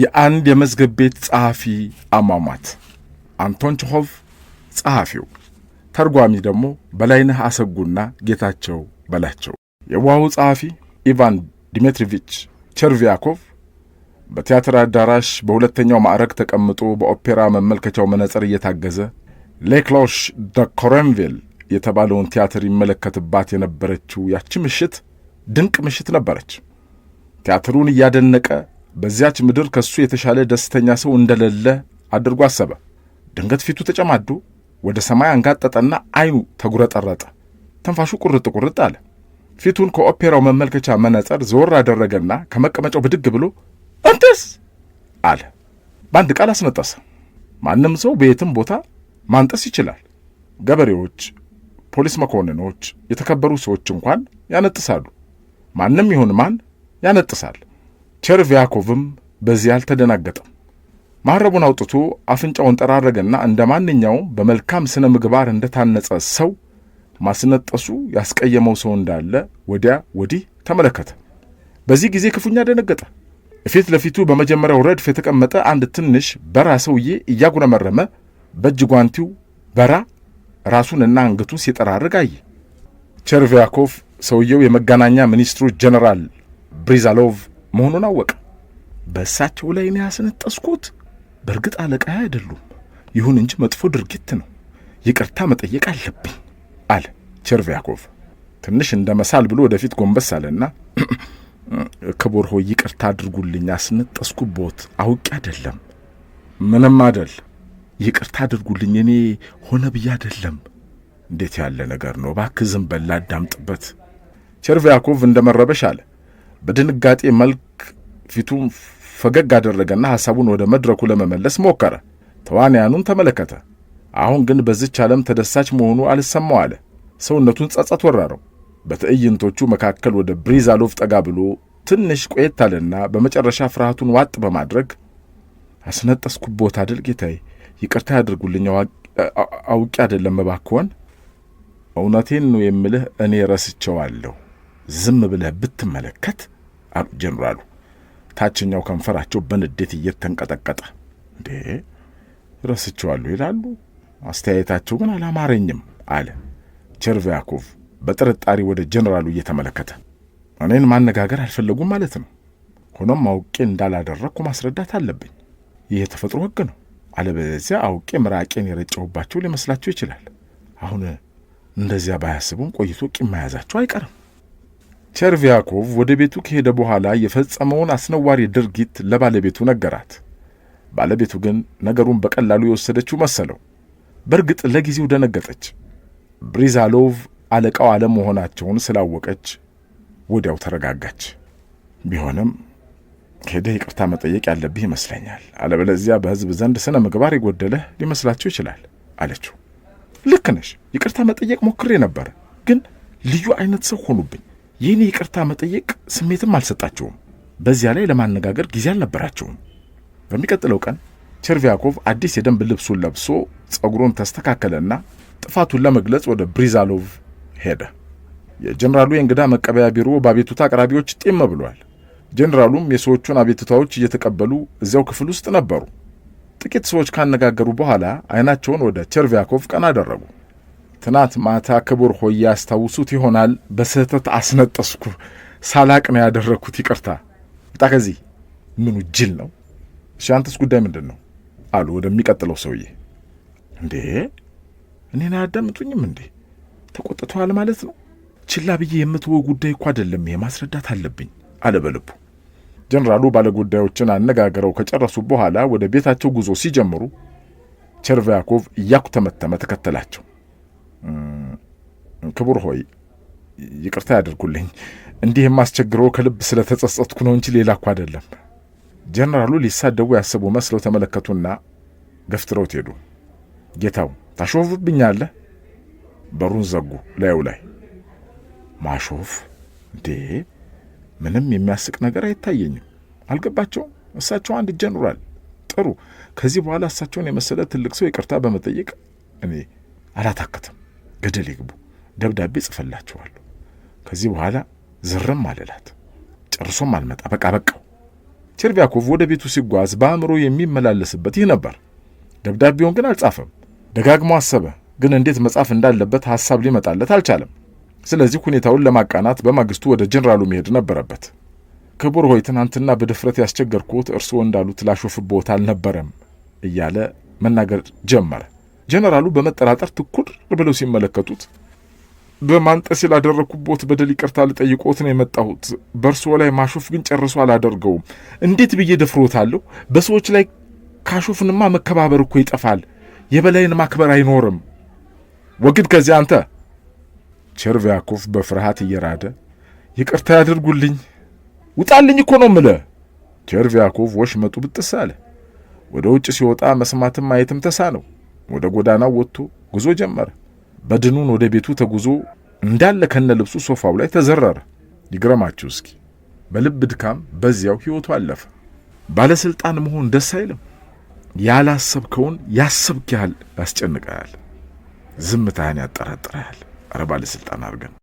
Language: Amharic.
የአንድ የመዝገብ ቤት ጸሐፊ አሟሟት። አንቶን ቸሆቭ ጸሐፊው፣ ተርጓሚ ደግሞ በላይነህ አሰጉና ጌታቸው በላቸው። የዋው ጸሐፊ ኢቫን ዲሜትሪቪች ቸርቪያኮቭ በቲያትር አዳራሽ በሁለተኛው ማዕረግ ተቀምጦ በኦፔራ መመልከቻው መነጽር እየታገዘ ሌክሎሽ ደ ኮረንቪል የተባለውን ቲያትር ይመለከትባት የነበረችው ያቺ ምሽት ድንቅ ምሽት ነበረች። ቲያትሩን እያደነቀ በዚያች ምድር ከሱ የተሻለ ደስተኛ ሰው እንደሌለ አድርጎ አሰበ። ድንገት ፊቱ ተጨማዶ ወደ ሰማይ አንጋጠጠና አይኑ ተጉረጠረጠ። ትንፋሹ ቁርጥ ቁርጥ አለ። ፊቱን ከኦፔራው መመልከቻ መነጸር ዘወር አደረገና ከመቀመጫው ብድግ ብሎ አንተስ አለ። በአንድ ቃል አስነጠሰ። ማንም ሰው በየትም ቦታ ማንጠስ ይችላል። ገበሬዎች፣ ፖሊስ መኮንኖች፣ የተከበሩ ሰዎች እንኳን ያነጥሳሉ። ማንም ይሁን ማን ያነጥሳል። ቼርቪያኮቭም በዚህ አልተደናገጠም። መሐረቡን አውጥቶ አፍንጫውን ጠራረገና እንደ ማንኛውም በመልካም ስነ ምግባር እንደታነጸ ሰው ማስነጠሱ ያስቀየመው ሰው እንዳለ ወዲያ ወዲህ ተመለከተ። በዚህ ጊዜ ክፉኛ ደነገጠ። ፊት ለፊቱ በመጀመሪያው ረድፍ የተቀመጠ አንድ ትንሽ በራ ሰውዬ እያጉረመረመ በእጅ ጓንቲው በራ ራሱንና አንገቱን ሲጠራርግ አየ። ቸርቪያኮቭ ሰውየው የመገናኛ ሚኒስትሩ ጀነራል ብሪዛሎቭ መሆኑን አወቀ። በእሳቸው ላይ እኔ ያስነጠስኩት በእርግጥ አለቃ አይደሉም፣ ይሁን እንጂ መጥፎ ድርጊት ነው፣ ይቅርታ መጠየቅ አለብኝ አለ ቸርቪያኮቭ። ትንሽ እንደ መሳል ብሎ ወደፊት ጎንበስ አለና ክቡር ሆይ ይቅርታ አድርጉልኝ፣ ያስነጠስኩቦት አውቄ አይደለም። ምንም አደል፣ ይቅርታ አድርጉልኝ፣ እኔ ሆነ ብዬ አይደለም። እንዴት ያለ ነገር ነው! እባክህ ዝም በል አዳምጥበት። ቸርቪያኮቭ እንደ መረበሽ አለ በድንጋጤ መልክ ፊቱን ፈገግ አደረገና ሐሳቡን ወደ መድረኩ ለመመለስ ሞከረ። ተዋንያኑን ተመለከተ። አሁን ግን በዚች ዓለም ተደሳች መሆኑ አልሰማው አለ። ሰውነቱን ጸጸት ወረረው። በትዕይንቶቹ መካከል ወደ ብሪዛሎቭ ጠጋ ብሎ ትንሽ ቆየት አለና በመጨረሻ ፍርሃቱን ዋጥ በማድረግ ቦታ አድል ጌታዬ፣ ይቅርታ ያድርጉልኝ፣ አውቂ አይደለም መባክሆን! እውነቴን ነው የምልህ፣ እኔ ረስቸዋለሁ። ዝም ብለህ ብትመለከት አሉ ጀኔራሉ። ታችኛው ከንፈራቸው በንዴት እየተንቀጠቀጠ እንዴ ረስቸዋለሁ ይላሉ። አስተያየታቸው ግን አላማረኝም አለ ቸርቪያኮቭ በጥርጣሬ ወደ ጀኔራሉ እየተመለከተ። እኔን ማነጋገር አልፈለጉም ማለት ነው። ሆኖም አውቄ እንዳላደረግኩ ማስረዳት አለብኝ። ይህ የተፈጥሮ ሕግ ነው። አለበለዚያ አውቄ ምራቄን የረጨሁባቸው ሊመስላቸው ይችላል። አሁን እንደዚያ ባያስቡም ቆይቶ ቂም መያዛቸው አይቀርም። ቸርቪያኮቭ ወደ ቤቱ ከሄደ በኋላ የፈጸመውን አስነዋሪ ድርጊት ለባለቤቱ ነገራት። ባለቤቱ ግን ነገሩን በቀላሉ የወሰደችው መሰለው። በእርግጥ ለጊዜው ደነገጠች። ብሪዛሎቭ አለቃው አለመሆናቸውን ስላወቀች ወዲያው ተረጋጋች። ቢሆንም ሄደህ ይቅርታ መጠየቅ ያለብህ ይመስለኛል፣ አለበለዚያ በሕዝብ ዘንድ ስነ ምግባር የጎደለህ ሊመስላቸው ይችላል አለችው። ልክ ነሽ፣ ይቅርታ መጠየቅ ሞክሬ ነበር፣ ግን ልዩ አይነት ሰው ሆኑብኝ ይህን ይቅርታ መጠየቅ ስሜትም አልሰጣቸውም። በዚያ ላይ ለማነጋገር ጊዜ አልነበራቸውም። በሚቀጥለው ቀን ቸርቪያኮቭ አዲስ የደንብ ልብሱን ለብሶ ጸጉሩን ተስተካከለና ጥፋቱን ለመግለጽ ወደ ብሪዛሎቭ ሄደ። የጀኔራሉ የእንግዳ መቀበያ ቢሮ በአቤቱታ አቅራቢዎች ጢም ብሏል። ጀኔራሉም የሰዎቹን አቤቱታዎች እየተቀበሉ እዚያው ክፍል ውስጥ ነበሩ። ጥቂት ሰዎች ካነጋገሩ በኋላ አይናቸውን ወደ ቸርቪያኮቭ ቀና አደረጉ። ትናት ማታ ክቡር ሆይ ያስታውሱት ይሆናል በስህተት አስነጠስኩ ሳላቅ ነው ያደረግኩት ይቅርታ እጣ ከዚህ ምኑ ጅል ነው እሺ አንተስ ጉዳይ ምንድን ነው አሉ ወደሚቀጥለው ሰውዬ እንዴ እኔን አያዳምጡኝም እንዴ ተቆጥተዋል ማለት ነው ችላ ብዬ የምትወው ጉዳይ እኮ አይደለም ይሄ ማስረዳት አለብኝ አለ በልቡ ጀኔራሉ ባለጉዳዮችን አነጋግረው ከጨረሱ በኋላ ወደ ቤታቸው ጉዞ ሲጀምሩ ቸርቫያኮቭ እያኩተመተመ ተከተላቸው ክቡር ሆይ ይቅርታ ያደርጉልኝ፣ እንዲህ የማስቸግረው ከልብ ስለተጸጸትኩ ነው እንጂ ሌላ እኮ አይደለም። ጀነራሉ ሊሳደቡ ያሰቡ መስለው ተመለከቱና ገፍትረውት ሄዱ። ጌታው ታሾፍብኛለህ? በሩን ዘጉ። ላዩ ላይ ማሾፍ እንዴ! ምንም የሚያስቅ ነገር አይታየኝም። አልገባቸውም። እሳቸው አንድ ጀነራል ጥሩ። ከዚህ በኋላ እሳቸውን የመሰለ ትልቅ ሰው ይቅርታ በመጠየቅ እኔ አላታክትም። ገደል ይግቡ፣ ደብዳቤ ጽፈላችኋለሁ። ከዚህ በኋላ ዝርም አልላት፣ ጨርሶም አልመጣ። በቃ በቃው። ቸርቢያኮቭ ወደ ቤቱ ሲጓዝ በአእምሮ የሚመላለስበት ይህ ነበር። ደብዳቤውን ግን አልጻፈም። ደጋግሞ አሰበ፣ ግን እንዴት መጻፍ እንዳለበት ሐሳብ ሊመጣለት አልቻለም። ስለዚህ ሁኔታውን ለማቃናት በማግስቱ ወደ ጀኔራሉ መሄድ ነበረበት። ክቡር ሆይ ትናንትና በድፍረት ያስቸገርኩት እርስዎ እንዳሉት ቦታ አልነበረም እያለ መናገር ጀመረ። ጀነራሉ በመጠራጠር ትኩር ብለው ሲመለከቱት በማንጠስ ላደረግኩቦት በደል ይቅርታ ልጠይቆት ነው የመጣሁት። በእርስዎ ላይ ማሾፍ ግን ጨርሶ አላደርገውም። እንዴት ብዬ ደፍሮታለሁ? በሰዎች ላይ ካሾፍንማ መከባበር እኮ ይጠፋል። የበላይን ማክበር አይኖርም። ወግድ ከዚያ አንተ። ቸርቪያኮቭ በፍርሃት እየራደ ይቅርታ ያድርጉልኝ፣ ውጣልኝ እኮ ነው ምለ። ቸርቪያኮቭ ወሽመጡ ብጥስ አለ። ወደ ውጭ ሲወጣ መስማትም ማየትም ተሳ ነው። ወደ ጎዳናው ወጥቶ ጉዞ ጀመረ። በድኑን ወደ ቤቱ ተጉዞ እንዳለ ከነ ልብሱ ሶፋው ላይ ተዘረረ። ይግረማችሁ እስኪ በልብ ድካም በዚያው ሕይወቱ አለፈ። ባለስልጣን መሆን ደስ አይልም። ያላሰብከውን ያሰብክ ያህል ያስጨንቀሃል። ዝምታህን ያጠራጥረሃል። አረ ባለስልጣን አድርገን